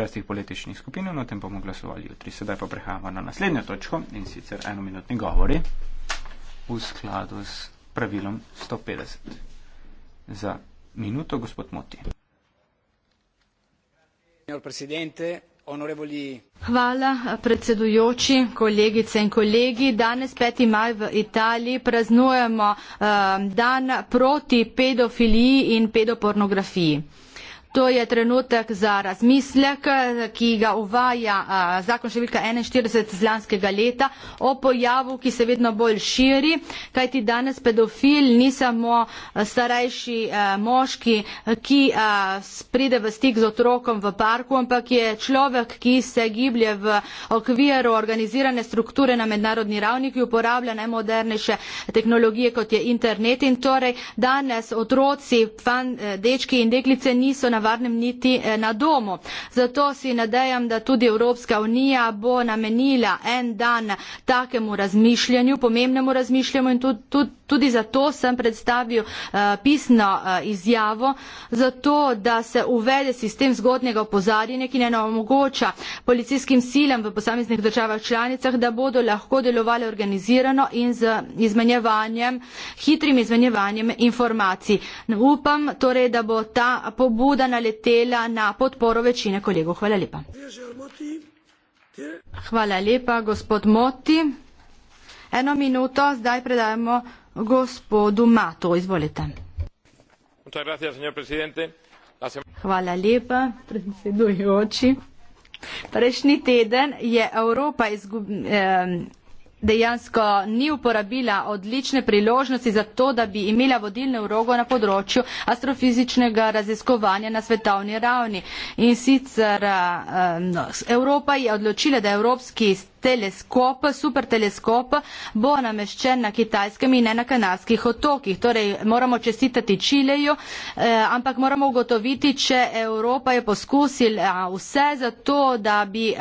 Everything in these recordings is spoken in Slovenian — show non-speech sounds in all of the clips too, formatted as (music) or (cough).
šestih političnih skupin, o tem bomo glasovali jutri. Sedaj pa prehajamo na naslednjo točko in sicer enominutni govori v skladu s pravilom 150. Za minuto, gospod Moti. Hvala, predsedujoči, kolegice in kolegi. Danes 5. maj v Italiji praznujemo uh, dan proti pedofiliji in pedopornografiji. To je trenutek za razmislek, ki ga uvaja zakon številka 41 z lanskega leta o pojavu, ki se vedno bolj širi, kajti danes pedofil ni samo starejši moški, ki pride v stik z otrokom v parku, ampak je človek, ki se giblje v okviru organizirane strukture na mednarodni ravni, ki uporablja najmodernejše tehnologije, kot je internet. In torej danes otroci, fan, e, dečki in deklice niso na nevarnem niti eh, na domu. Zato si nadejam, da tudi Evropska unija bo namenila en dan takemu razmišljanju, pomembnemu razmišljanju in tudi, tudi, tudi zato sem predstavil uh, pisno uh, izjavo, zato da se uvede sistem zgodnjega opozarjanja, ki ne omogoča policijskim silam v posameznih državah članicah, da bodo lahko delovali organizirano in z izmenjevanjem, hitrim izmenjevanjem informacij. Upam torej, da bo ta pobuda naletela na podporo večine kolegov. Hvala lepa. Hvala lepa, gospod Moti. Eno minuto, zdaj predajamo gospodu Matu. Izvolite. Hvala lepa, predsedujoči. Prejšnji teden je Evropa izgubila. Eh, dejansko ni uporabila odlične priložnosti za to, da bi imela vodilno vlogo na področju astrofizičnega raziskovanja na svetovni ravni. In sicer eh, no, Evropa je odločila, da evropski teleskop, super teleskop bo nameščen na kitajskem in ne na kanadskih otokih. Torej, moramo čestitati Čileju, eh, ampak moramo ugotoviti, če Evropa je poskusila vse za to, da bi eh,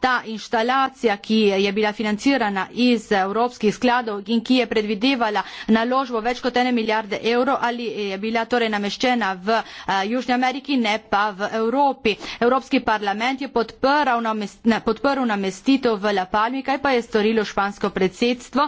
ta inštalacija, ki je bila financirana iz evropskih skladov in ki je predvidevala naložbo več kot ene milijarde evrov, ali je bila torej nameščena v eh, Južnji Ameriki, ne pa v Evropi. Evropski parlament je podprl namestitev v La Palmi, kaj pa je storilo špansko predsedstvo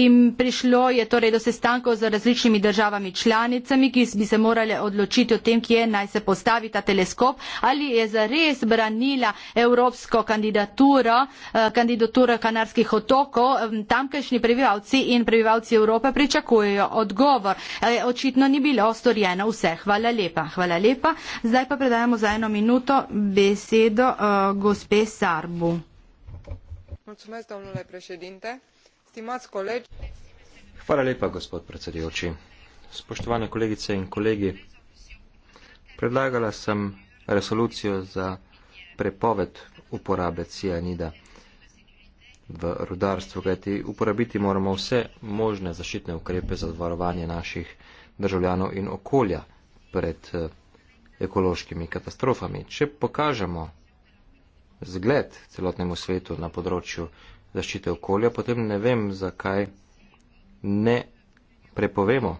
in prišlo je torej do sestankov z različnimi državami članicami, ki bi se morali odločiti o tem, kje naj se postavi ta teleskop, ali je zares branila evropsko kandidaturo, eh, kandidaturo kanarskih otokov, tamkajšnji prebivalci in prebivalci Evrope pričakujejo odgovor. Eh, očitno ni bilo storjeno vse. Hvala lepa. Hvala lepa. Zdaj pa predajamo za eno minuto besedo uh, gospe Sarbu. Hvala lepa, gospod predsedujoči. Spoštovane kolegice in kolegi, predlagala sem resolucijo za prepoved uporabe cianida v rudarstvu, kajti uporabiti moramo vse možne zaščitne ukrepe za varovanje naših državljanov in okolja pred eh, ekološkimi katastrofami. Če pokažemo zgled celotnemu svetu na področju zaščite okolja, potem ne vem, zakaj ne prepovemo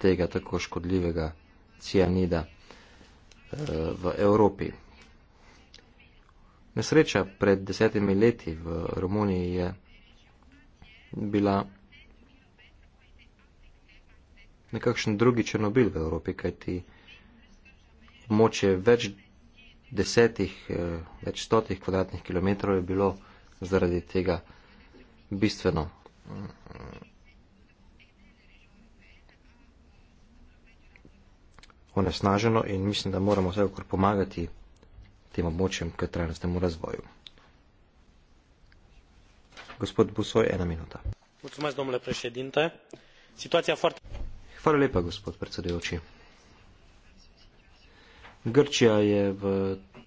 tega tako škodljivega cianida eh, v Evropi. Nesreča pred desetimi leti v Romuniji je bila nekakšen drugi Černobil v Evropi, kajti območje več desetih, eh, več stotih kvadratnih kilometrov je bilo zaradi tega bistveno. Mm, onesnaženo in mislim, da moramo vsekakor pomagati tem območjem k trajnostnemu razvoju. Gospod Busoj, ena minuta. Mulțumesc, domnule președinte. Situația foarte... Hvala lepa, gospod predsedujoči. Grčija je v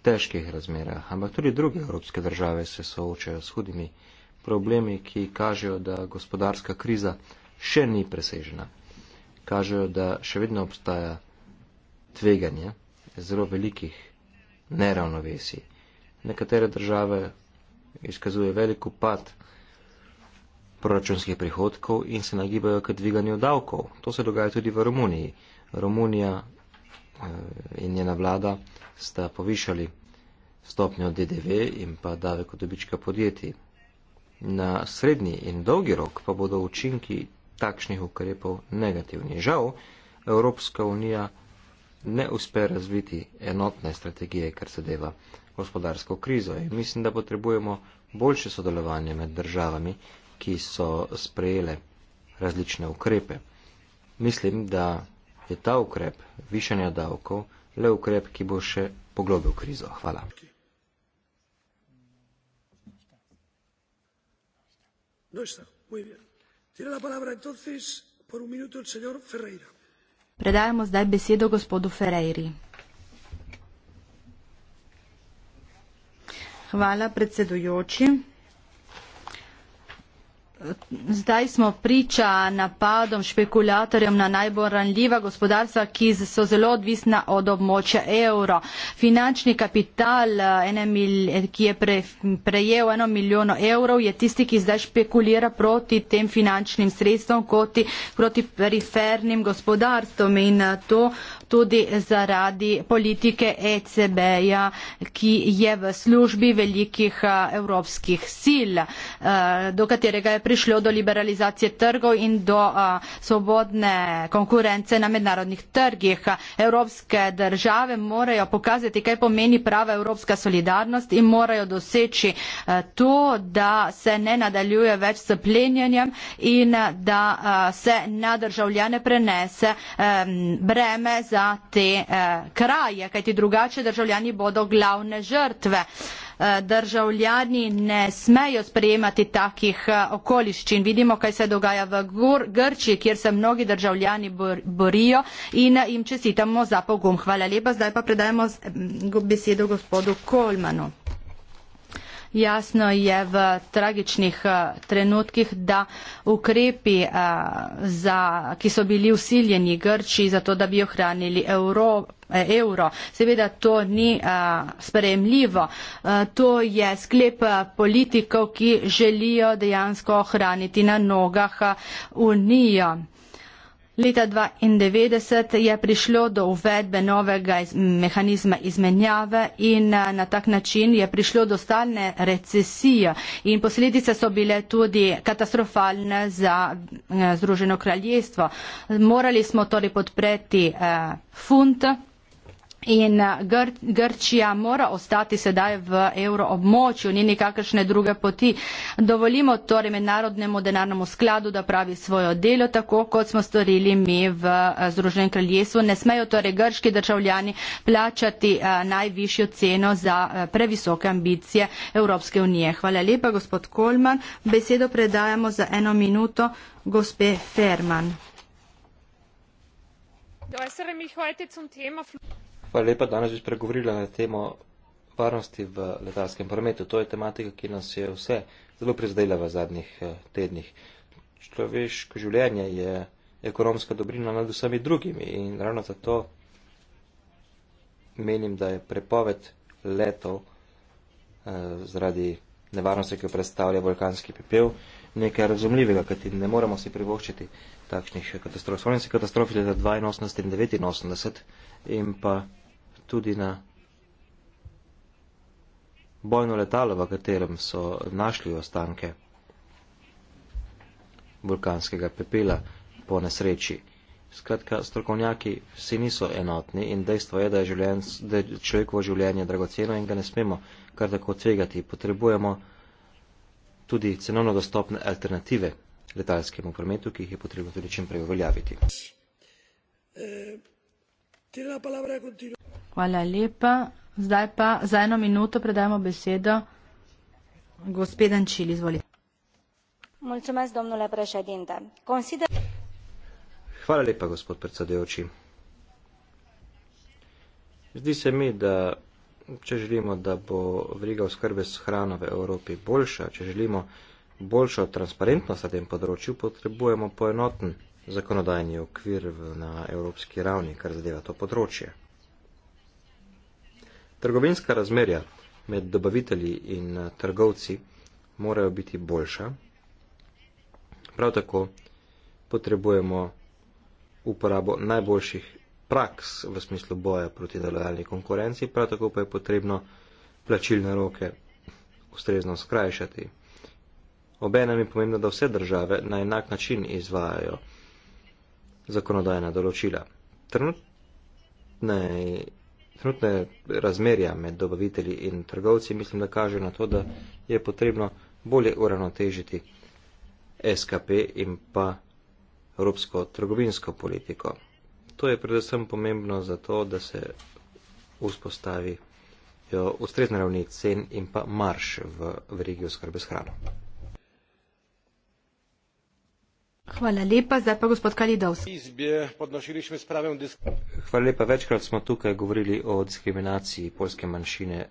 težkih razmerah, ampak tudi druge evropske države se soočajo s hudimi problemi, ki kažejo, da gospodarska kriza še ni presežena. Kažejo, da še vedno obstaja tveganje zelo velikih neravnovesij. Nekatere države izkazuje veliko pad proračunskih prihodkov in se nagibajo k dviganju davkov. To se dogaja tudi v Romuniji. Romunija Eh, in njena vlada sta povišali stopnjo DDV in pa davek od dobička podjetij. Na srednji in dolgi rok pa bodo učinki takšnih ukrepov negativni. Žal, Evropska unija ne uspe razviti enotne strategije, kar se deva gospodarsko krizo. In mislim, da potrebujemo boljše sodelovanje med državami, ki so sprejele različne ukrepe. Mislim, da je ta ukrep višanja davkov le ukrep, ki bo še poglobil krizo. Hvala. No está, muy bien. Tiene la palabra entonces por un minuto el señor Ferreira. Predajemos zdaj besedo gospodu Ferreiri. Hvala predsedujoči. Zdaj smo priča napadom špekulatorjem na najbolj ranljiva gospodarstva, ki so zelo odvisna od območja evro. Finančni kapital, eh, mil, ki je pre, prejel eno milijono evrov, je tisti, ki zdaj špekulira proti tem finančnim sredstvom kot proti perifernim gospodarstvom in eh, to tudi zaradi politike ECB-ja, ki je v službi velikih eh, evropskih sil, eh, do katerega je prišlo do liberalizacije trgov in do eh, svobodne konkurence na mednarodnih trgih. Evropske države morajo pokazati, kaj pomeni prava evropska solidarnost in morajo doseči to, da se ne nadaljuje več s plenjenjem in da se na državljane prenese breme za za te eh, kraje, kajti drugače državljani bodo glavne žrtve. Eh, državljani ne smejo sprejemati takih eh, okoliščin. Vidimo, kaj se dogaja v Gr Grči, kjer se mnogi državljani bor borijo in eh, jim čestitamo za pogum. Hvala lepa. Zdaj pa predajamo besedo gospodu Kolmanu. Jasno je v tragičnih eh, trenutkih, da ukrepi, eh, za, ki so bili usiljeni Grči, zato da bi ohranili evro, eh, evro. Seveda to ni sprejemljivo. To je sklep politikov, ki želijo dejansko ohraniti na nogah Unijo. Leta 1992 je prišlo do uvedbe novega iz mehanizma izmenjave in eh, na tak način je prišlo do stalne recesije in posledice so bile tudi katastrofalne za eh, Združeno kraljestvo. Morali smo torej podpreti eh, funt In eh, Gr Grčija mora ostati sedaj v evroobmočju, ni nikakršne druge poti. Dovolimo torej mednarodnemu denarnemu skladu, da pravi svojo delo, tako kot smo storili mi v eh, Združenem kraljestvu. Ne smejo torej grški državljani plačati eh, najvišjo ceno za previsoke ambicije Evropske unije. Hvala lepa, gospod Kolman. Besedo predajamo za eno minuto gospe Ferman. Hvala lepa, danes bi spregovorila na temo varnosti v letalskem prometu. To je tematika, ki nas je vse zelo prizadela v zadnjih eh, tednih. Človeško življenje je ekonomska dobrina nad vsemi drugimi in ravno zato menim, da je prepoved letov eh, zaradi nevarnosti, ki jo predstavlja vulkanski pepel, nekaj razumljivega, kajti ne moremo si privoščiti takšnih katastrof. Spomnim se katastrofi leta 82 in 89 in pa tudi na bojno letalo, v katerem so našli ostanke vulkanskega pepela po nesreči. Skratka, strokovnjaki vsi niso enotni in dejstvo je, da je, življen, da je človekovo življenje dragoceno in ga ne smemo kar tako tvegati. Potrebujemo tudi cenovno dostopne alternative letalskemu prometu, ki jih je potrebno tudi čim prej uveljaviti. Eh, Hvala lepa. Zdaj pa za eno minuto predajmo besedo gospedan Čil. Izvolite. Mulțumesc, domnule președinte. Consider... Hvala lepa, gospod predsedujoči. Zdi se mi, da če želimo, da bo vriga oskrbe s hrano v Evropi boljša, če želimo boljšo transparentnost na tem področju, potrebujemo poenoten zakonodajni okvir na evropski ravni, kar zadeva to področje. Trgovinska razmerja med dobavitelji in eh, trgovci morajo biti boljša. Prav tako potrebujemo uporabo najboljših praks v smislu boja proti delojalni konkurenci, prav tako pa je potrebno plačilne roke ustrezno skrajšati. Obenem je pomembno, da vse države na enak način izvajajo zakonodajna določila. Trenutne trenutne razmerja med dobavitelji in trgovci mislim, da kaže na to, da je potrebno bolje uravnotežiti SKP in pa evropsko trgovinsko politiko. To je predvsem pomembno zato, da se vzpostavi eh, ustrezna ravni cen in pa marš v verigi oskrbe s hrano. Hvala lepa. Večkrat smo tukaj govorili o diskriminaciji polske manjšine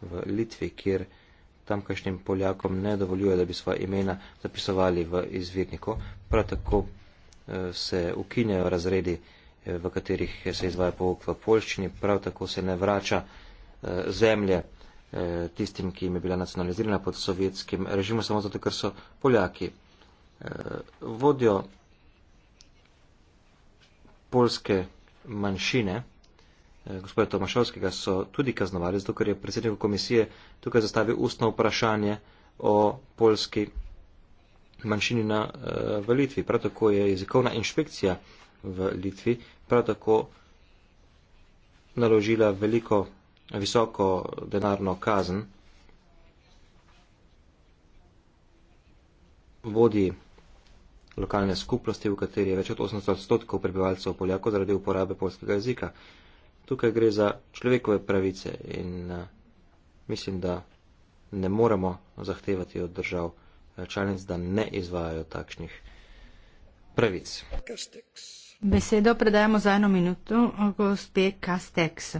v Litvi, kjer tamkajšnjim Poljakom ne dovoljuje, da bi svoje imena zapisovali v izvirniku. Prav tako eh, se ukinjajo razredi, eh, v katerih se izvaja pouk v polščini, prav tako se ne vrača eh, zemlje tistim, ki jim je bila nacionalizirana pod sovjetskim režimom, samo zato, ker so Poljaki. Eh, vodjo polske manjšine, eh, gospoda Tomašovskega, so tudi kaznovali, zato ker je predsednik komisije tukaj zastavil ustno vprašanje o polski manjšini na, eh, v Litvi. Prav tako je jezikovna inšpekcija v Litvi prav tako naložila veliko visoko denarno kazen vodi lokalne skupnosti, v kateri je več od 800 odstotkov prebivalcev Poljako zaradi uporabe polskega jezika. Tukaj gre za človekove pravice in eh, mislim, da ne moramo zahtevati od držav eh, članic, da ne izvajajo takšnih pravic. Besedo predajamo za eno minuto, eh, gospe Kastex.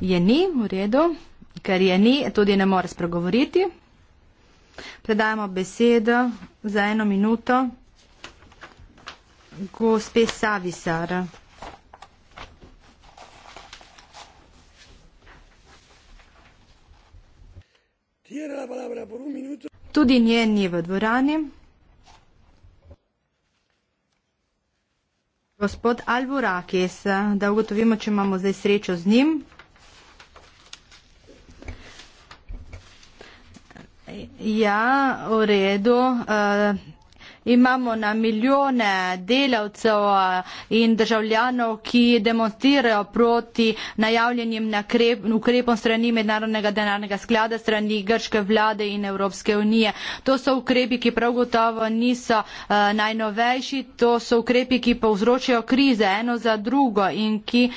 Je ni v redu, ker je ni, tudi ne more spregovoriti. Predajamo besedo za eno minuto gospe Savisar. Tudi njen ni v dvorani. Gospod Alvorakis, da ugotovimo, če imamo zdaj srečo z njim. Ja, v redu. Uh, imamo na milijone delavcev eh, in državljanov, ki demonstrirajo proti najavljenim ukrepom strani Mednarodnega denarnega sklada, strani Grške vlade in Evropske unije. To so ukrepi, ki prav gotovo niso eh, najnovejši, to so ukrepi, ki povzročajo krize eno za drugo in ki,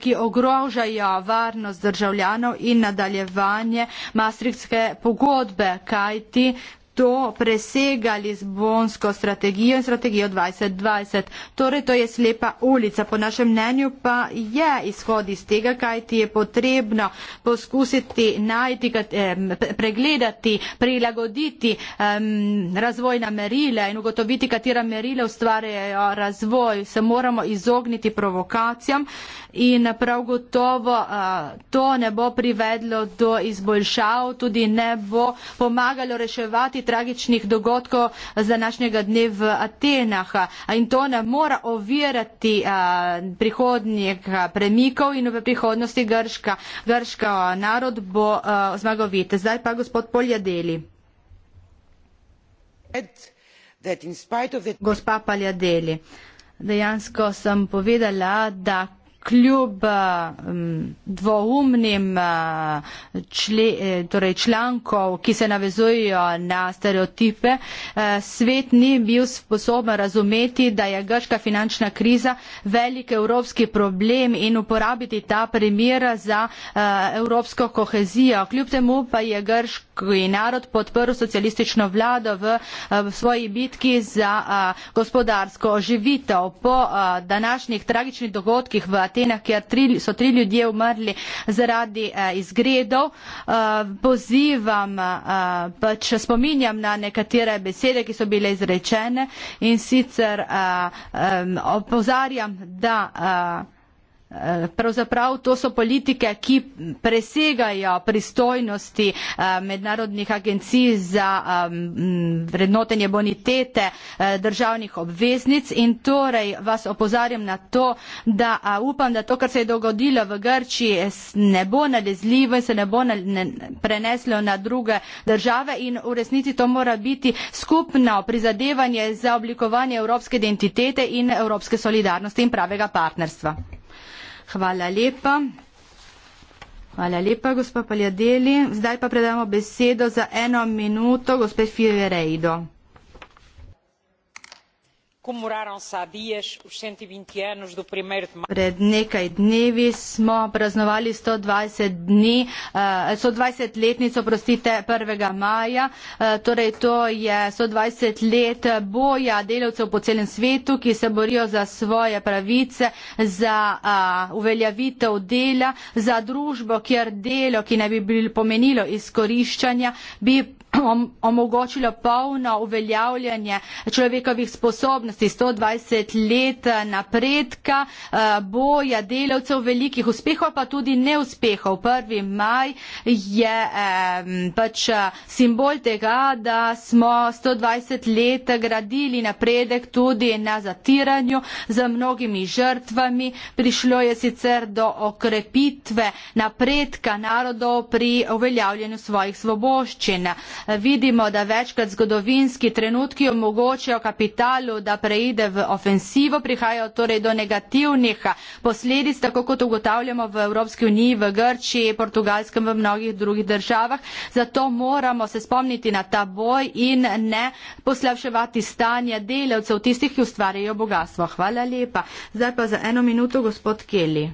ki ogrožajo varnost državljanov in nadaljevanje Maastrichtske pogodbe, kajti to presega Lizbonsko strategijo in strategijo 2020. Torej, to je slepa ulica. Po našem mnenju pa je izhod iz tega, kaj ti je potrebno poskusiti najti, pregledati, prilagoditi um, razvojna merila in ugotoviti, katera merila ustvarjajo razvoj. Se moramo izogniti provokacijam in prav gotovo uh, to ne bo privedlo do izboljšav, tudi ne bo pomagalo reševati zaradi tragičnih dogodkov z današnjega dne v Atenah. In to ne mora ovirati prihodnjih premikov in v prihodnosti grška, grška narod bo zmagovit. Zdaj pa gospod Poljadeli. Gospa Paljadeli, dejansko sem povedala, da kljub um, dvoumnim uh, čle, e, torej člankov, ki se navezujejo na stereotipe, uh, svet ni bil sposoben razumeti, da je grška finančna kriza velik evropski problem in uporabiti ta primer za uh, evropsko kohezijo. Kljub temu pa je grški narod podprl socialistično vlado v, uh, v svoji bitki za uh, gospodarsko oživitev. Po uh, današnjih tragičnih dogodkih v Atenah, kjer tri, so tri ljudje umrli zaradi eh, izgredov. Eh, pozivam, eh, pač spominjam na nekatere besede, ki so bile izrečene in sicer eh, opozarjam, da. Eh, Eh, pravzaprav to so politike, ki presegajo pristojnosti eh, mednarodnih agencij za eh, vrednotenje bonitete državnih obveznic in torej vas opozarjam na to, da upam, da to, kar se je dogodilo v Grčiji, ne bo nalezljivo in se ne bo preneslo na druge države in v resnici to mora biti skupno prizadevanje za oblikovanje evropske identitete in evropske solidarnosti in pravega partnerstva. Hvala lepa. Hvala lepa, gospa Paljadeli. Zdaj pa predamo besedo za eno minuto, gospe Fiorejdo. E Pred nekaj dnevi smo praznovali 120 dni, 120 eh, letnico, prostite, 1. maja. Eh, torej to je 120 let boja delavcev po celem svetu, ki se borijo za svoje pravice, za eh, uveljavitev dela, za družbo, kjer delo, ki ne bi pomenilo izkoriščanja, bi (clears throat) omogočilo polno uveljavljanje človekovih sposobnosti tisti 120 let eh, napredka, eh, boja delavcev, velikih uspehov, pa tudi neuspehov. 1. maj je pač eh, simbol tega, da smo 120 let gradili napredek tudi na zatiranju z mnogimi žrtvami. Prišlo je sicer do okrepitve napredka narodov pri uveljavljanju svojih svoboščin. Vidimo, da večkrat zgodovinski trenutki omogočajo kapitalu, da preide v ofensivo, prihajajo torej do negativnih posledic, tako kot ugotavljamo v Evropski uniji, v Grčiji, Portugalskem, v mnogih drugih državah. Zato moramo se spomniti na ta boj in ne poslavševati stanja delavcev, tistih, ki ustvarjajo bogatstvo. Hvala lepa. Zdaj pa za eno minuto gospod Keli.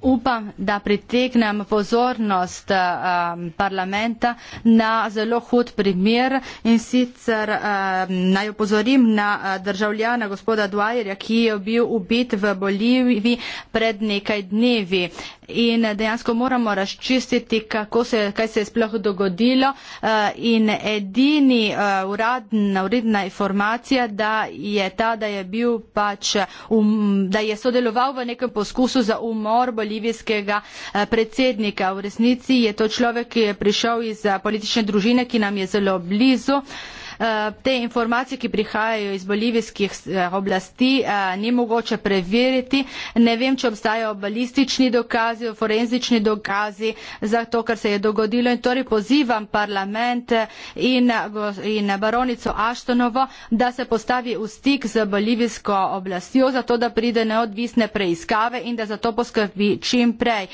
Upam, da pritegnem pozornost um, parlamenta na zelo hud primer in sicer um, naj opozorim na uh, državljana gospoda Dwyerja, ki je bil ubit v Boliviji pred nekaj dnevi. In dejansko moramo razčistiti, se, kaj se je sploh dogodilo. Uh, in edini uh, uradna, uredna informacija, da je ta, da je bil pač, um, da je sodeloval v nekem poskusu za umor bolivijskega eh, predsednika. V resnici je to človek, ki je prišel iz eh, politične družine, ki nam je zelo blizu. Eh, te informacije, ki prihajajo iz bolivijskih eh, oblasti, eh, ni mogoče preveriti. Ne vem, če obstajajo balistični dokazi, forenzični dokazi za to, kar se je dogodilo. In torej pozivam parlament in, in baronico Aštonovo, da se postavi v stik z bolivijsko oblastjo, zato da pride neodvisne preiskave in da za to poskrbi čim prej.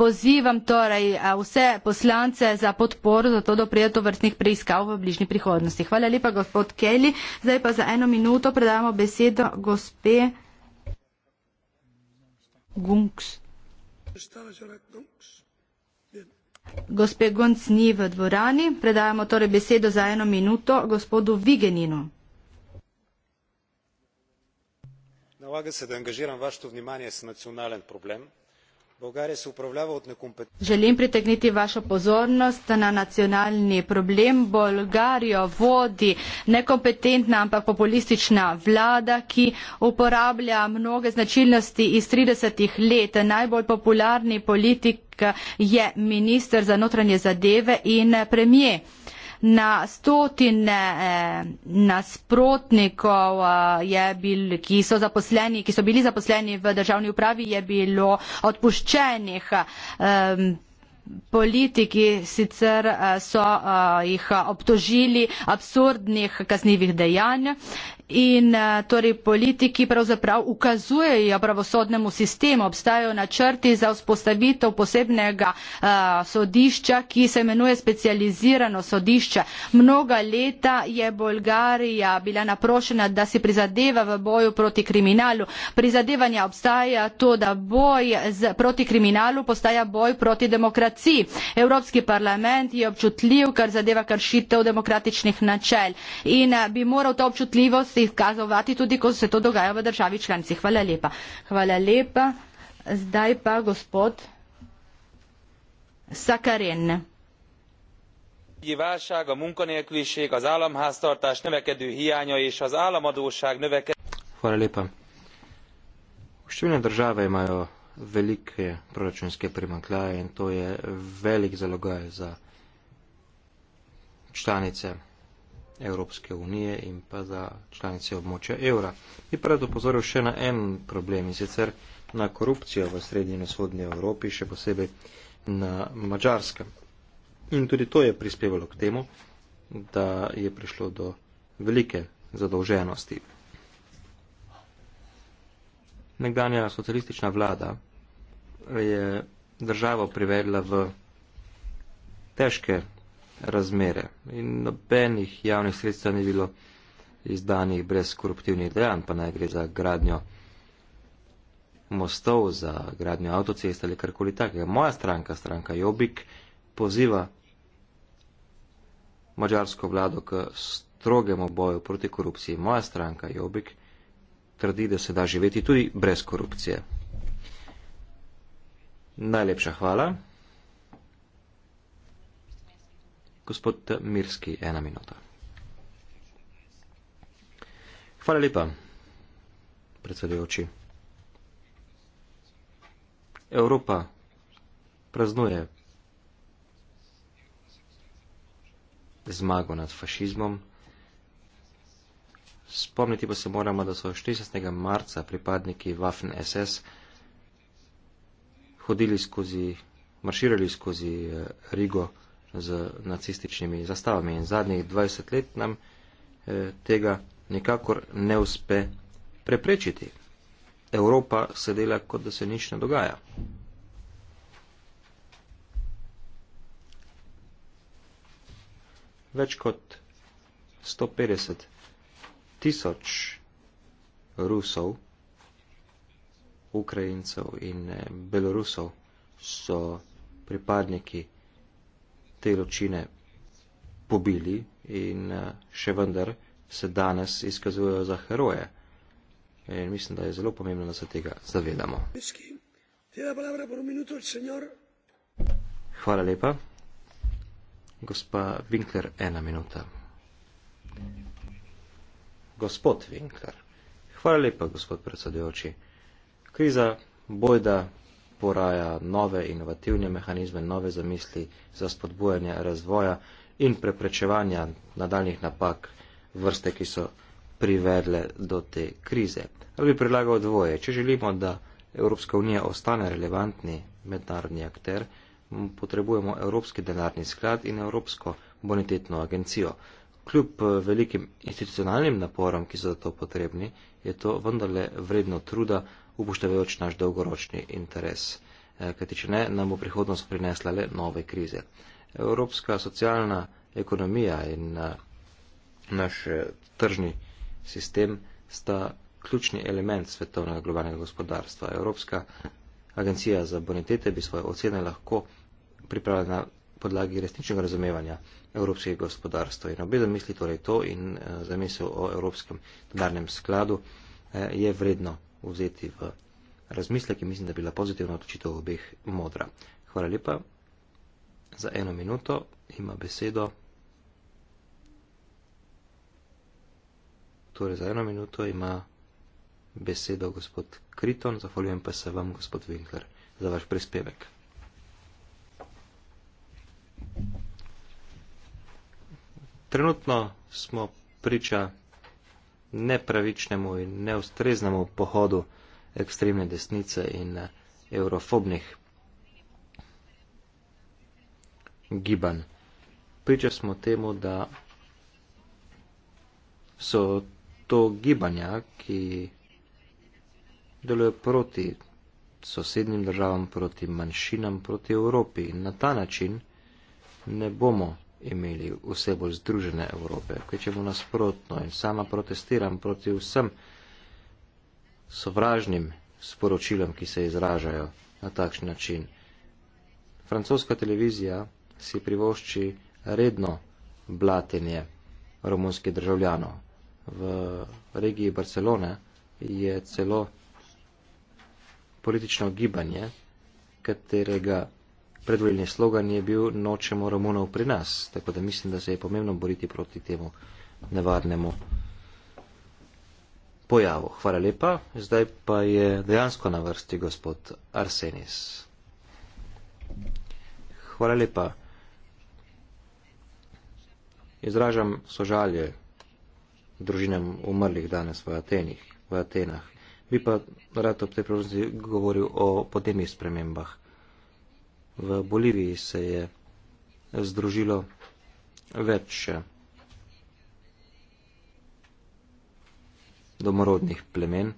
Pozivam torej vse poslance za podporo, zato da pride do vrstnih preiskav v bližnji prihodnosti. Hvala. Hvala lepa, gospod Kelly. Zdaj pa za eno minuto predamo besedo gospe Gunks. Gospe Gunc ni v dvorani. Predajamo torej besedo za eno minuto gospodu Vigeninu. Налага се да ангажирам вашето внимание с национален проблем. Želim pritegniti vašo pozornost na nacionalni problem. Bolgarijo vodi nekompetentna, ampak populistična vlada, ki uporablja mnoge značilnosti iz 30 let. Najbolj popularni politik je minister za notranje zadeve in premije. Na stotine eh, nasprotnikov, eh, bil, ki, so zaposleni, ki so bili zaposleni v državni upravi, je bilo odpuščenih. Ehm, politiki sicer eh, so jih obtožili absurdnih kaznjivih dejanj in eh, torej politiki pravzaprav ukazujejo pravosodnemu sistemu, obstajajo načrti za vzpostavitev posebnega a, eh, sodišča, ki se imenuje specializirano sodišče. Mnoga leta je Bolgarija bila naprošena, da si prizadeva v boju proti kriminalu. Prizadevanja obstaja to, da boj z, proti kriminalu postaja boj proti demokraciji. Evropski parlament je občutljiv, kar zadeva kršitev demokratičnih načel in a, eh, bi moral to občutljivost se jih kazovati, tudi ko se to dogaja v državi članici. Hvala lepa. Hvala lepa. Zdaj pa gospod Sakaren. Válság, a munkanélküliség, az államháztartás növekedő hiánya és az államadóság növekedő... Hvala lepa. Številne države imajo velike proračunske primankljaje in to je velik zalogaj za članice Evropske unije in pa za članice območja evra. Bi pa rad opozoril še na en problem in sicer na korupcijo v srednji in vzhodnji Evropi, še posebej na Mačarskem. In tudi to je prispevalo k temu, da je prišlo do velike zadolženosti. Nekdanja socialistična vlada je državo privedla v težke razmere. In nobenih javnih sredstev ni bilo izdanih brez koruptivnih dejanj, pa naj gre za gradnjo mostov, za gradnjo avtocest ali karkoli takega. Moja stranka, stranka Jobik, poziva mađarsko vlado k strogemu boju proti korupciji. Moja stranka Jobik trdi, da se da živeti tudi brez korupcije. Najlepša hvala. Gospod Mirski, ena minuta. Hvala lepa, predsedujoči. Evropa praznuje zmago nad fašizmom. Spomniti pa se moramo, da so 16. marca pripadniki Waffen SS hodili skozi, marširali skozi eh, Rigo z nacističnimi zastavami. In zadnjih 20 let nam eh, tega nikakor ne uspe preprečiti. Evropa se dela, kot da se nič ne dogaja. Več kot 150 tisoč Rusov, Ukrajincev in eh, Belorusov so pripadniki te ločine pobili in eh, še vendar se danes izkazujejo za heroje. In mislim, da je zelo pomembno, da se tega zavedamo. Hvala lepa. Gospa Winkler, ena minuta. Gospod Winkler. Hvala lepa, gospod predsedujoči. Kriza bojda poraja nove inovativne mehanizme, nove zamisli za spodbujanje razvoja in preprečevanja nadaljnih napak vrste, ki so privedle do te krize. Ali bi predlagal dvoje? Če želimo, da Evropska unija ostane relevantni mednarodni akter, potrebujemo Evropski denarni sklad in Evropsko bonitetno agencijo. Kljub eh, velikim institucionalnim naporom, ki so za to potrebni, je to vendarle vredno truda, upoštevajoč naš dolgoročni interes. Eh, kajti, če ne, nam bo prihodnost prinesla le nove krize. Evropska socialna ekonomija in eh, naš tržni sistem sta ključni element svetovnega globalnega gospodarstva. Evropska agencija za bonitete bi svoje ocene lahko pripravila na podlagi resničnega razumevanja evropskega gospodarstva. In obedem misli torej to in eh, zamisel o evropskem denarnem skladu eh, je vredno vzeti v razmislek in mislim, da bi bila pozitivna odločitev obeh modra. Hvala lepa. Za eno minuto ima besedo. Torej za eno minuto ima besedo gospod Kriton, zahvaljujem pa se vam gospod Winkler za vaš prispevek. Trenutno smo priča nepravičnemu in neustreznemu pohodu ekstremne desnice in eh, eurofobnih gibanj. Priča smo temu, da so to gibanja, ki delujejo proti sosednjim državam, proti manjšinam, proti Evropi in na ta način ne bomo imeli vse bolj združene Evrope, kaj če mu nasprotno in sama protestiram proti vsem sovražnim sporočilom, ki se izražajo na takšen način. Francoska televizija si privošči redno blatenje romunskih državljanov. V regiji Barcelone je celo politično gibanje, katerega predvoljni slogan je bil Nočemo Romunov pri nas, tako da mislim, da se je pomembno boriti proti temu nevarnemu pojavu. Hvala lepa, zdaj pa je dejansko na vrsti gospod Arsenis. Hvala lepa. Izražam sožalje družinam umrlih danes v Atenih, v Atenah. Bi pa rad ob tej priložnosti govoril o podnebnih spremembah. V Boliviji se je združilo več domorodnih plemen,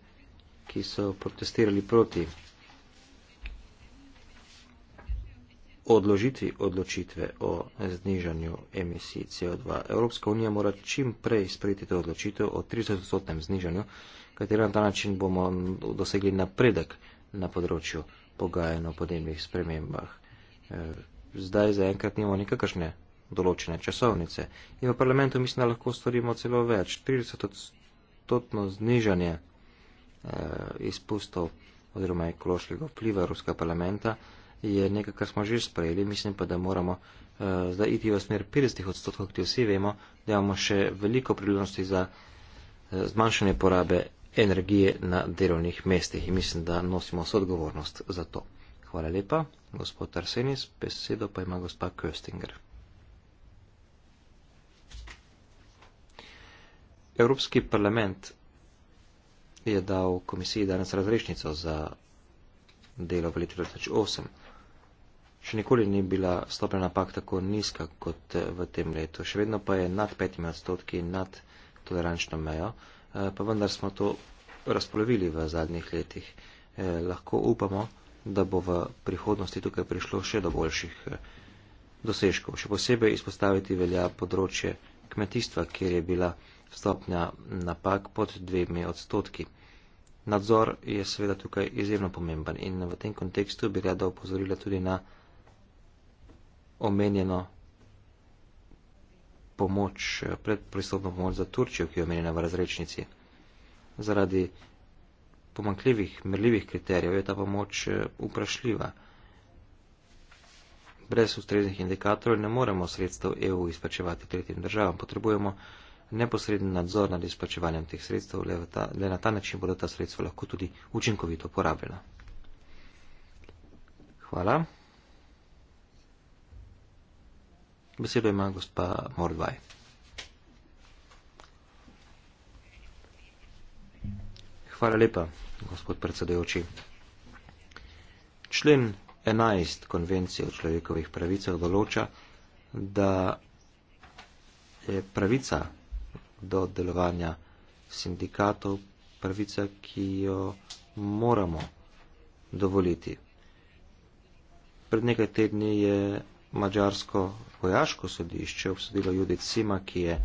ki so protestirali proti odložitvi odločitve o znižanju emisij CO2. Evropska unija mora čim prej sprejeti to odločitev o 30-odstotnem znižanju, kateri na ta način bomo dosegli napredek na področju pogajanja o podnebnih spremembah. Eh, zdaj zaenkrat nimamo nikakršne določene časovnice in v parlamentu mislim, da lahko storimo celo več, 30-odstotno znižanje eh, izpustov oziroma ekološkega vpliva Ruskega parlamenta je nekaj, kar smo že sprejeli, mislim pa, da moramo uh, zdaj iti v smer 50 odstotkov, kot vsi vemo, da imamo še veliko priložnosti za uh, zmanjšanje porabe energije na delovnih mestih in mislim, da nosimo sodgovornost za to. Hvala lepa. Gospod Arsenis, besedo pa ima gospa Köstinger. Evropski parlament je dal komisiji danes razrešnico za delo v letu 2008. Še nikoli ni bila stopnja napak tako nizka kot eh, v tem letu. Še vedno pa je nad petimi odstotki nad tolerančno mejo, eh, pa vendar smo to razpolovili v zadnjih letih. Eh, lahko upamo, da bo v prihodnosti tukaj prišlo še do boljših eh, dosežkov. Še posebej izpostaviti velja področje kmetijstva, kjer je bila stopnja napak pod dvemi odstotki. Nadzor je seveda tukaj izjemno pomemben in v tem kontekstu bi rada opozorila tudi na omenjeno pomoč, eh, predpristopno pomoč za Turčijo, ki je omenjena v razrečnici. Zaradi pomankljivih, merljivih kriterijev je ta pomoč eh, vprašljiva. Brez ustreznih indikatorjev ne moremo sredstev EU izplačevati tretjim državam, potrebujemo neposreden nadzor nad izplačevanjem teh sredstev, le, ta, le na ta način bodo ta sredstva lahko tudi učinkovito porabljena. Hvala. Besedo ima gospa Mordvaj. Hvala lepa gospod predsedujoči. Člen 11 konvencije o človekovih pravicah določa, da je pravica do delovanja sindikatov pravica, ki jo moramo dovoliti. Pred nekaj tedni je mađarsko vojaško sodišče obsodilo Judith Sima, ki je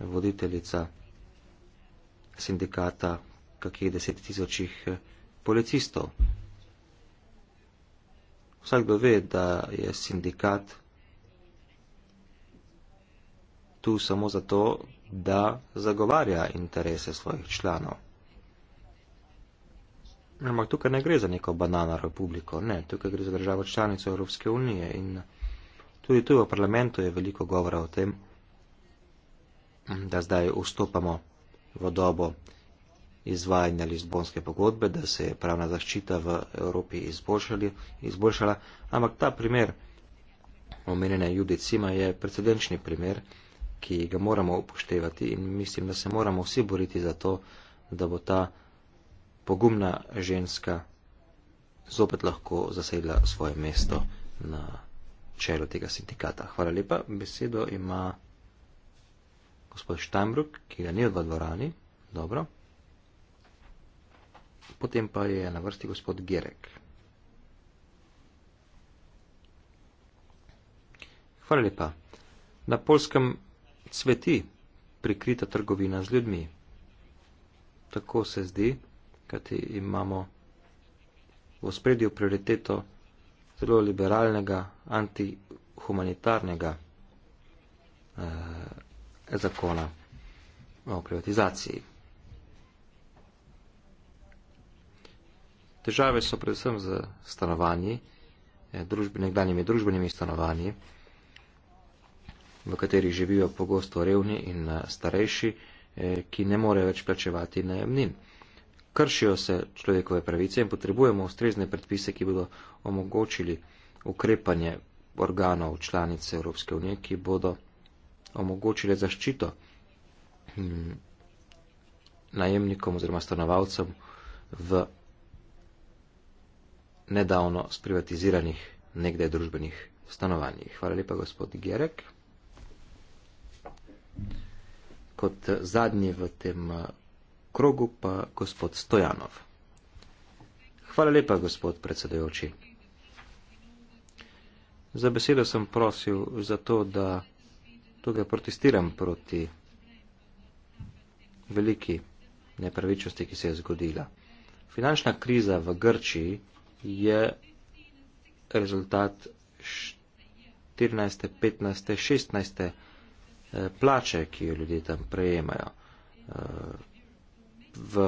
voditeljica sindikata kakih deset tisočih eh, policistov. Vsakdo ve, da je sindikat tu samo zato, da zagovarja interese svojih članov. Ampak tukaj ne gre za neko banana republiko, ne, tukaj gre za državo članico Evropske unije in tudi tu v parlamentu je veliko govora o tem, da zdaj vstopamo v dobo izvajanja Lizbonske pogodbe, da se je pravna zaščita v Evropi izboljšala, ampak ta primer omenjene Judith Sima je precedenčni primer, ki ga moramo upoštevati in mislim, da se moramo vsi boriti za to, da bo ta pogumna ženska zopet lahko zasedla svoje mesto na čelu tega sindikata. Hvala lepa. Besedo ima gospod Štajnbruk, ki ga ni v dvorani. Dobro potem pa je na vrsti gospod Gerek. Hvala lepa. Na polskem cveti prikrita trgovina z ljudmi. Tako se zdi, kajti imamo v spredju prioriteto zelo liberalnega, antihumanitarnega eh, zakona o privatizaciji. Težave so predvsem z stanovanji, eh, družbe, nekdanjimi družbenimi stanovanji, v katerih živijo pogosto revni in eh, starejši, eh, ki ne morejo več plačevati najemnin. Kršijo se človekove pravice in potrebujemo ustrezne predpise, ki bodo omogočili ukrepanje organov članice Evropske unije, ki bodo omogočile zaščito hm, najemnikom oziroma stanovalcem v nedavno sprivatiziranih nekdaj družbenih stanovanjih. Hvala lepa, gospod Gerek. Kot zadnji v tem eh, krogu pa gospod Stojanov. Hvala lepa, gospod predsedajoči. Za besedo sem prosil zato, da tukaj protestiram proti veliki nepravičnosti, ki se je zgodila. Finančna kriza v Grčiji je rezultat 14., 15., 16. plače, ki jo ljudje tam prejemajo. Eh, v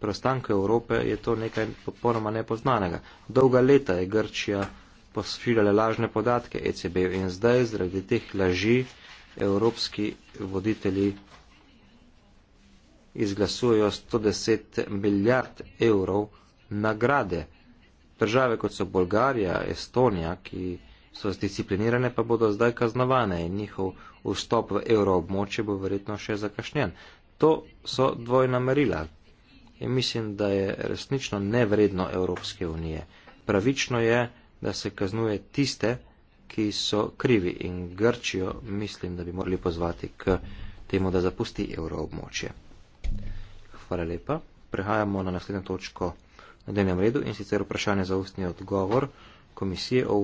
preostanku Evrope je to nekaj popolnoma nepoznanega. Dolga leta je Grčija posfiljala lažne podatke ECB in zdaj zaradi teh laži evropski voditelji izglasujejo 110 milijard evrov nagrade Države kot so Bolgarija, Estonija, ki so zdisciplinirane, pa bodo zdaj kaznovane in njihov vstop v evroobmočje bo verjetno še zakašnjen. To so dvojna merila in mislim, da je resnično nevredno Evropske unije. Pravično je, da se kaznuje tiste, ki so krivi in Grčijo mislim, da bi morali pozvati k temu, da zapusti evroobmočje. Hvala lepa. Prehajamo na naslednjo točko na dnevnem redu in sicer vprašanje za ustni odgovor komisije o